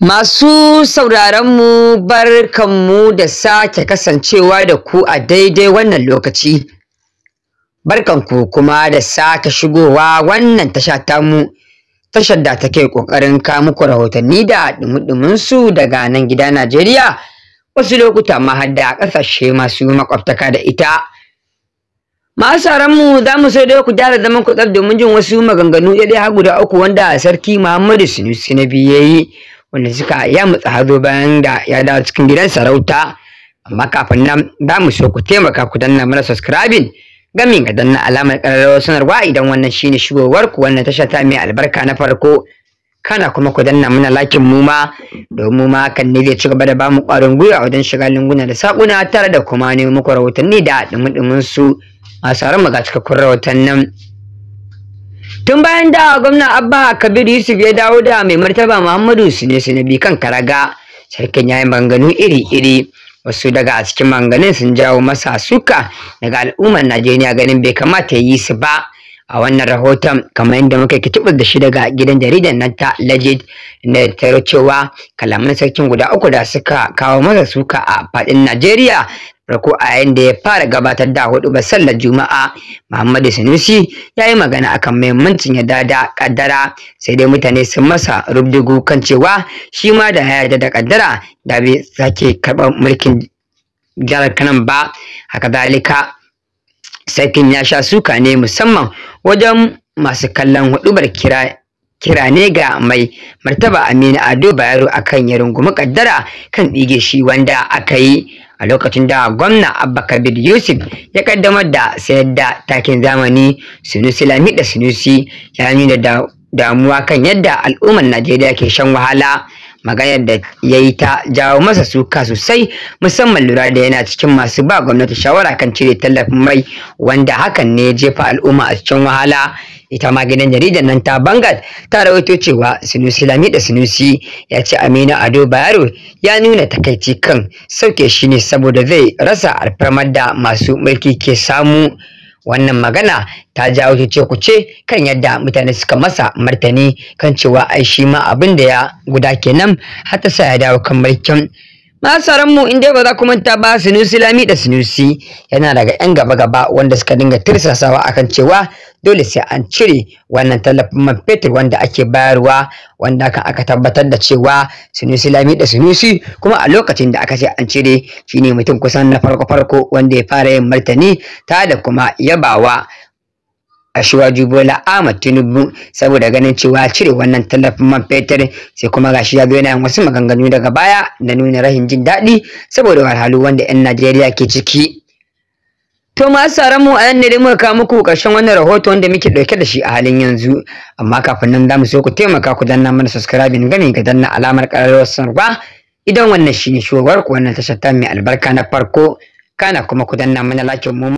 Masu sauraronmu barkanmu da sake kasancewa da ku a daidai wannan lokaci. Barkanku kuma da sake shigowa wannan tasha tamu, tashar da take ƙoƙarin muku rahotanni da ɗumi daga nan gida Najeriya, wasu lokuta ma har da ƙasashe masu makwabtaka da ita. Masu mu za mu so dai ku dara zaman ku tsaf domin jin wasu maganganu ɗaya har guda uku wanda Sarki Muhammadu Sunusi na biyu wanda suka ya matsa hazo bayan da ya dawo cikin gidan sarauta amma kafin nan za mu so ku taimaka ku danna mana subscribing gamin ga danna alamar ƙararrawar sanarwa idan wannan shine shigowar ku wannan tasha ta mai albarka na farko kana kuma ku danna mana lakin mu ma domin ma kan ne zai ci gaba da ba mu ƙwarin gwiwa wajen shiga linguna da sakuna tare da kuma ne muku rahotanni da dumudumin su a sarar mu ga cikakkun rahotannin tun bayan da gwamna abba kabir yusuf ya dawo da mai martaba muhammadu sule bi kan karaga sarkin ya yi manganu iri-iri wasu daga a cikin manganin sun jawo masa suka daga al'ummar najeriya ganin bai kamata yi su ba a wannan rahoton kamar yadda muka kitibar da shi daga gidan jaridar nan ta legit na tarar cewa kalaman sarkin guda uku da suka kawo masa suka a fadin najeriya Rako a yayin da ya fara gabatar da hudu ba sallar juma'a muhammadu sanusi ya yi magana akan muhimmancin ya da kaddara sai dai mutane sun masa rubdugu kan cewa shi ma da ya yarda da kaddara da bai sake karɓar mulkin jihar kanan ba haka zalika sarkin ya sha suka ne musamman wajen masu kallon hudubar kira kira ne ga mai martaba Aminu Ado Bayero akan ya rungumi kaddara kan dige shi wanda aka yi a lokacin da gwamna Abba Kabir Yusuf ya kaddamar da sayar da takin zamani Sunusi Lami da Sunusi ya nuna damuwa kan yadda al'ummar Najeriya ke shan wahala maganar da ya yi ta jawo masa suka sosai musamman lura da yana cikin masu ba gwamnati shawara kan cire tallafin mai wanda hakan ne jefa al'umma a cikin wahala ita ma gidan jaridar nan ta bangal ta rawaito cewa sinusi lami da sinusi ya ce aminu ado bayero ya nuna takaici kan sauke shi ne saboda zai rasa alfarmar da masu mulki ke samu wannan magana ta jawo ce ku ce kan yadda mutane suka masa martani kan cewa ai shi ma abin da ya guda kenan har ta sa ya dawo kan mulkin masaran mu in dai ba za ku manta ba sinusi lami da sinusi yana daga yan gaba gaba wanda suka dinga tirsasawa akan cewa dole sai an cire wannan tallafin man fetur wanda ake bayarwa wanda kan aka tabbatar da cewa sunusi lami da sunusi kuma a lokacin da aka ce an cire shi ne mutum kusan na farko farko wanda ya fara yin martani ta da kuma yabawa A Ashwaju Bola Ahmad Tinubu saboda ganin cewa cire wannan tallafin man fetur sai kuma gashi ya zo yana wasu maganganu daga baya da nuna rahin jin daɗi saboda wahalhalu wanda 'yan Najeriya ke ciki. To masu sauran mu a nan ne dai muka kawo muku ƙarshen wannan rahoto wanda muke ɗauke da shi a halin yanzu. Amma kafin nan zamu so ku taimaka ku danna mana subscribing gami ga danna alamar ƙararrawar sanarwa idan wannan ne shugabar ku wannan tashar ta mai albarka na farko kana kuma ku danna mana lakin mu